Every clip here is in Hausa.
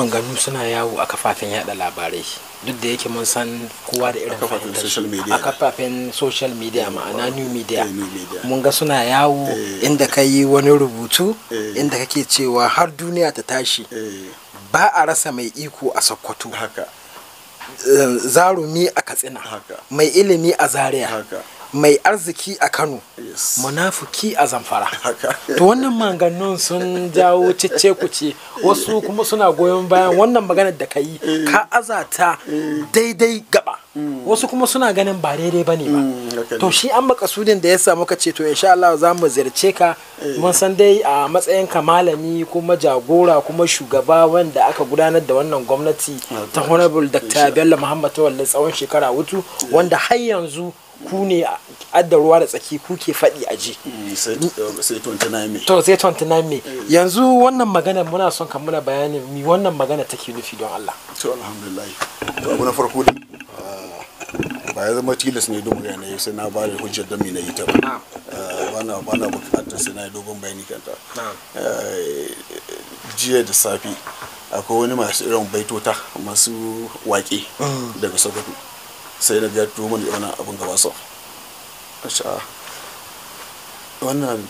ganu suna yawo a kafafen yada labarai duk da yake mun san kowa da irin a kafafen social media ma'ana new media eh, mun ga suna yawo eh. inda ka yi wani rubutu eh. inda kake cewa har duniya ta tashi ba a rasa mai iko a sokoto zarumi a katsina mai ilimi a zaria mai arziki a kano munafuki a zamfara to wannan maganganun sun jawo cece kuce wasu kuma suna goyon bayan wannan maganar da ka yi eh. ka azata eh. daidai gaba mm. wasu kuma suna ganin ba daidai bane ba mm, to shi an makasudin da ya samu ka ce to insha Allah za mu zirce ka eh. mun san dai a matsayin ka malami kuma jagora kuma shugaba wanda aka gudanar da wannan gwamnati ta honorable dr bello muhammad wallahi tsawon shekara hutu wanda har yanzu ku ne adda ruwa da tsaki ku ke faɗi a ji eh, eh, to sai 29 me yanzu wannan magana muna son ka muna bayani mi wannan magana take nufi don Allah to alhamdulillah abu na farko ne ah, ba ya zama tilas ne dogon yana sai na bada hujjar don na yi ta ba eh, bana bana bukatar sai na dogon bayani kanta jiya da safi akwai wani masu irin baitota masu waƙe mm. daga sokoto sai na ga tuwo da wani abin gaba sau a wannan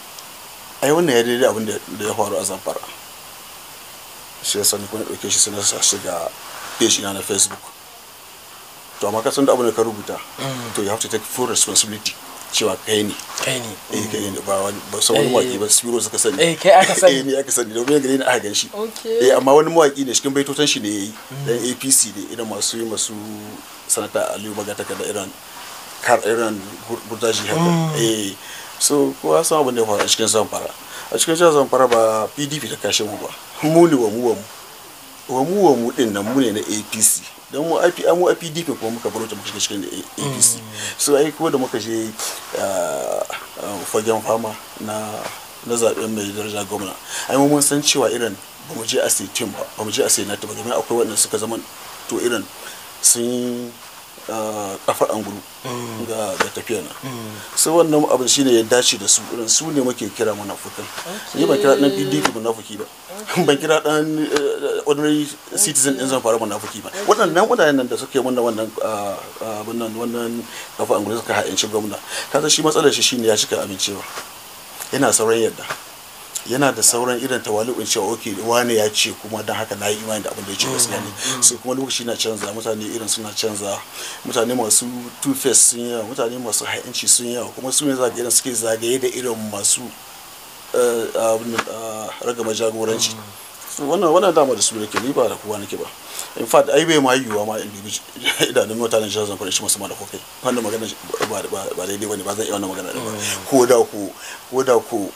ai wannan ya daidai abin da ya faru a zamfara shi ya sani kuma ɗauke shi sai na sa shi ga page na na facebook to amma ka san da abin da ka rubuta mm. to you have to take full responsibility cewa kai ne kai ne eh kai ne ba wani ba sa wani waki ba spiro suka sani eh kai aka sani eh ni aka sani domin gare ni aka gan shi eh amma wani mawaki ne cikin baitotan shi ne yayi mm. dan APC ne irin masu yi masu sanata Aliyu Bagataka da Iran kar Iran burtashi haka mm. eh so kowa san abin da ya faru a cikin zamfara a cikin zamfara ba PDP da kashe mu ba mu ne wa mu wa mu wamu wamu din nan mu ne na apc don mu api mu apdp kuma muka baro ta muka cikin apc so ai ko da muka je ah, ah, fagen fama na na zaben mai daraja gwamna ai mun san cewa irin ba mu je a sai ba ba mu je a sai nata ba domin akwai waɗanda suka zama to irin sun kafar angulu mm. ga tafiya na mm. sai wannan abin shine ya dace da su su ne muke kira munafukan ni ban kira dan PDP munafuki ba ban kira dan eh, ordinary citizen din zan fara munafuki ba waɗannan wadannan nan da suke wannan abin nan wannan kafar angulu suka ha'inci gwamna kaga shi matsalar shi shine ya shiga amincewa yana sauran yadda yana da sauran irin tawali'un cewa oke wani ya ce kuma don haka na yi imani da abin da ya ce gaskiya ne mm, mm. su kuma lokaci na canza mutane irin suna canza mutane masu two-face sun yawa mutane masu ha'inci sun yawa kuma su ne zagaye irin suke zagaye da irin masu eh, ah, ragama jagoranci mm. wannan wannan dama da su da ke ni ba da kowa nake ba in fact ai bai ma yiwuwa ma in bibi idanun mutanen jihar zamfara shi musamman da kokai wannan magana ba daidai ba ne ba zan iya wannan magana ba ko da ko ko da ko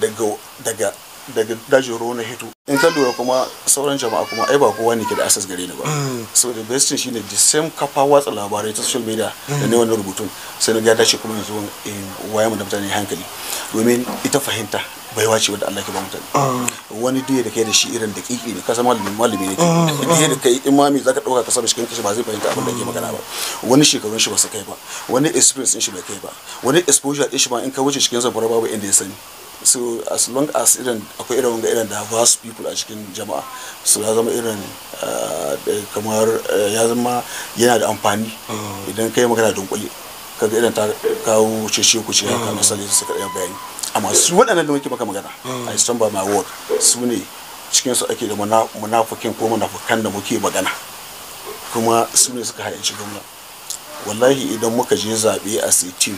daga daga daga dajin ruwa na hito in ka lura kuma sauran jama'a kuma ai ba kowa ne ke da access gare ni ba mm. so the best thing shine the same kafa watsa labarai ta social media da ne wannan rubutun sai na ga dace kuma yanzu in waya mu da mutane hankali domin ita fahimta baiwa ce wadda Allah ke ba mutane mm. wani duk da kai da shi irin da kiki ne ka zama malami malami ne mm. duk da kai imami zaka dauka ka saba cikin kishi ba zai fahimta abin da ke magana ba wani shekarun shi ba su kai ba wani experience din shi bai kai ba wani exposure din shi ba in ka wuce cikin zabura babu inda ya sani so as long as irin akwai irin wanga irin da people a cikin jama'a so ya zama irin ah, kamar eh, ya zama yana da amfani mm. idan kai magana don dunkule kaga irin ta kawo cece ku ce haka mm. misali su suka bayani amma su waɗannan da muke maka magana i mm. stand by my word su ne cikin su ake da munafukin ko munafukan da muke magana kuma su ne suka hayanci gwamna wallahi idan muka je zaɓe a sitiu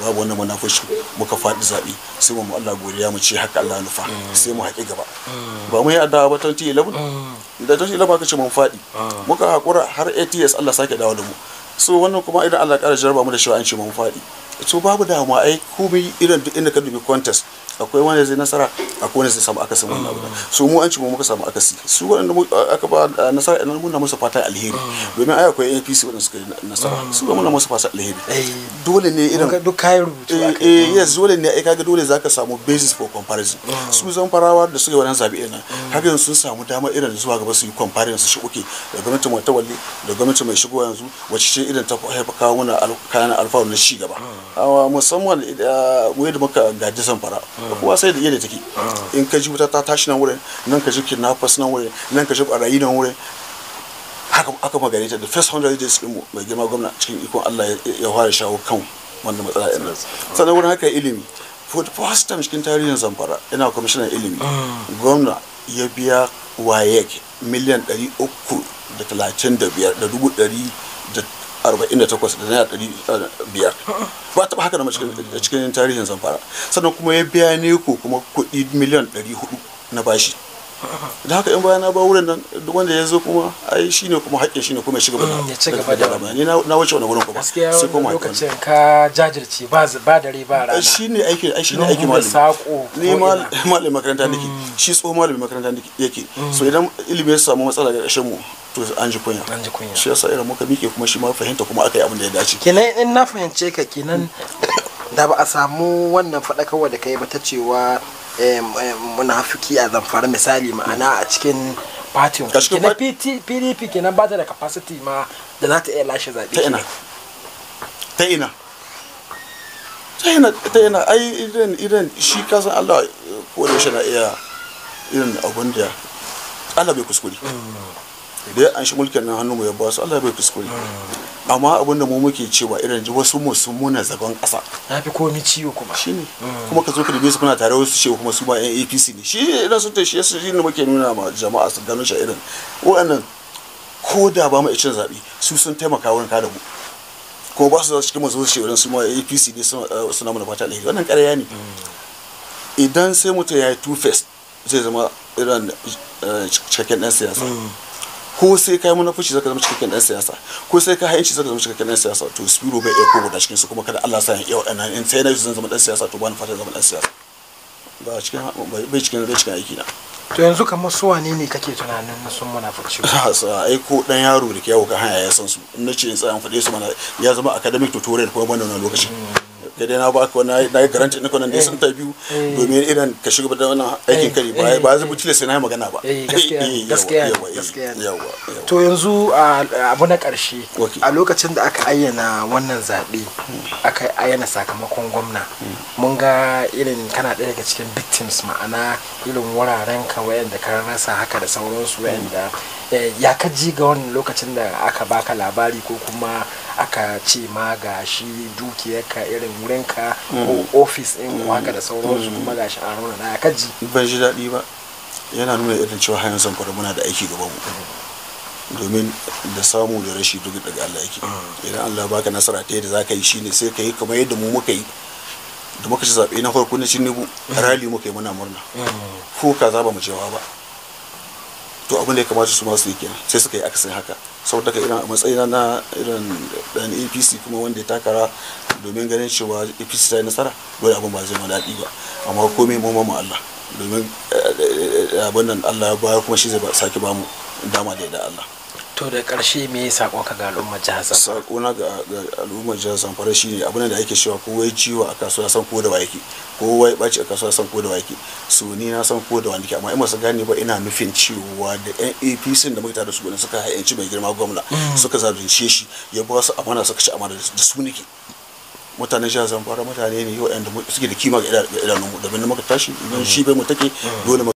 babu wannan munafashin muka faɗi zaɓe sai mu Allah godiya mu ce haka Allah nufa sai mu haƙi gaba ba mu yi adawa ba 2011 da 2011 aka ce mun faɗi muka haƙura har ATS Allah sake dawo da mu so wannan kuma idan Allah ƙara jarraba mu da shi an ce mun faɗi to babu damuwa ai komai irin duk inda ka dubi contest akwai wanda zai nasara akwai wanda zai samu akasin wannan abu su mu an ci mu muka samu akasi su wanda aka ba nasara idan muna musu fata alheri domin ai akwai APC wanda suka yi nasara mm. su ga muna musu fata alheri eh. dole ne irin duk kayan rubutu eh, yi. Eh, yes dole ne ai kaga dole zaka samu basis for comparison mm. su zan farawa da suke wannan zabi ɗin mm. haka yanzu sun samu dama irin zuwa gaba su yi comparison su shi uke da gwamnati mai tawalli da gwamnati mai shigo yanzu wacce ce irin ta haifa kawo mana kayan alfawar na shi gaba musamman mu yadda muka gaji san fara kowa sai da da take ah. in ka ji wuta ta tashi nan wurin nan ka ji kidnappers nan wurin nan ka ji barayi nan wurin haka aka magare ta the first hundred days din mai girma gwamna cikin ikon Allah ya fara shawo kan wannan matsala ɗin nan ah. sannan wurin haka ilimi for the first time cikin tarihin zamfara ina commissioner ilimi ah. gwamna ya biya wayek miliyan ɗari uku da talatin da dubu 48,500 ba taba haka na cikin tarihin zamfara sannan kuma ya biya ne ko kuma kuɗi miliyan 400 na bashi da haka yan bayana ba wurin nan duk wanda ya zo kuma ai shine kuma haƙƙin shine kuma ya ba mm, ya ci gaba da ni na wuce wannan gurin kuma sai kuma lokacin ka jajirce ba ba dare ba rana shine aiki ai shine aiki malami ni malamin makaranta nake mm. shi tso malamin makaranta yake mm. so idan ilimi ya samu matsala ga ƙarshen mu to an ji kunya an ji kunya shi yasa irin muka mike kuma shi ma fahimta kuma aka yi abin da ya dace kenan in na fahimce ka kenan da ba a samu wannan faɗakarwa da kai ba ta cewa Eh, eh, munafiki a zamfara misali ma'ana a cikin patin ke na pdp ke nan ba ta da capacity ma da za ta iya lashe zaɓe ta ina ta ina ta ina ta ina ai irin irin shi kasan allah eh, ko da shi na iya irin abun da allah bai kuskure mm. idan an shi mulkin nan hannun ya ba su Allah bai kuskure amma abin da mu muke cewa irin ji wasu musu muna zagon kasa ya fi komi ciwo kuma shine mm. kuma ka zo ka dube su kuna tare wasu ce kuma su ba yan APC ne shi idan sun tashi su shine muke nuna ma jama'a su gano shi irin wa'annan ko da ba mu icin zabi su sun taimaka wurin kada mu kuma ba su zo cikin masu shi wurin su ma APC ne eh, suna mana fata alheri wannan ƙarya ne mm. idan sai mutum ya yi two face zai zama irin eh, cikakken ɗan siyasa mm. ko sai kai fushi zaka zama cikakken dan siyasa ko sai ka haici zaka zama cikakken dan siyasa to spiro bai iya da guda cikin su kuma kada Allah sa ya iya wadannan in sai na zan zama dan siyasa to ba ni fata zama dan siyasa ba cikin bai cikin bai cikin aiki na to yanzu kamar su wane ne kake tunanin sun munafurci sa ai ko dan yaro da ke yawo ka haya ya san su in nace in tsaya in fade su mana ya zama academic tutorial kuma ban wannan lokacin hmm. da dai na ba ka wani na yi garanti na kwanan da ta biyu eh, eh. domin irin ka shiga da wannan aikin eh, kari ba ba zai buci sai na yi magana ba gaskiya to yanzu abu na ƙarshe a lokacin da aka ayyana wannan zaɓe aka ayyana sakamakon gwamna hmm. mun ga irin kana ɗaya daga cikin victims ma'ana irin wuraren ka wayanda ka rasa haka da sauransu wayanda hmm. ya kaji ga wannan lokacin da aka baka labari ko kuma aka ce ma ga shi dukiyarka irin wurinka ko mm. ofis ɗin haka da mm. sauransu mm. kuma ga shi an rauna na kaji ban ji daɗi ba yana nuna irin cewa hanyar samfara muna da aiki gaba mu domin da samu da rashi duk daga Allah yake ah. idan Allah baka nasara ta yadda zaka yi shine sai ka kamar yadda mu muka yi da muka ci zaɓe na farko na Tinubu rali muka yi muna murna ko ka zaba mu cewa ba to abin da ya kamata su masu yi sai suka yi akasin haka saboda ka irin a matsayina na irin dan apc kuma wanda ya takara domin ganin cewa apc ta yi nasara dole abin ba zai ma daɗi ba amma komai mu mu allah domin eh, eh, eh, abin nan allah ya bayar kuma shi zai sake bamu dama da da allah to da karshe me ya sako ka ga al'ummar jihar Zamfara sako na ga al'ummar jihar Zamfara shine abin da ake cewa ko wai ciwo a kasuwa san ko da wake ko wai baci a kasuwa san ko da wake so ni na san ko da wanda ke amma in masu gane ba ina nufin cewa da yan APC da muka tare su gudun suka hayanci mai girma gwamna mm. suka zabince shi ya ba su amana suka ci amana da su nake mutanen jihar Zamfara mutane ne yau da suke da kima ga idanunmu da bin muka tashi don mm. shi bai mu take mm. dole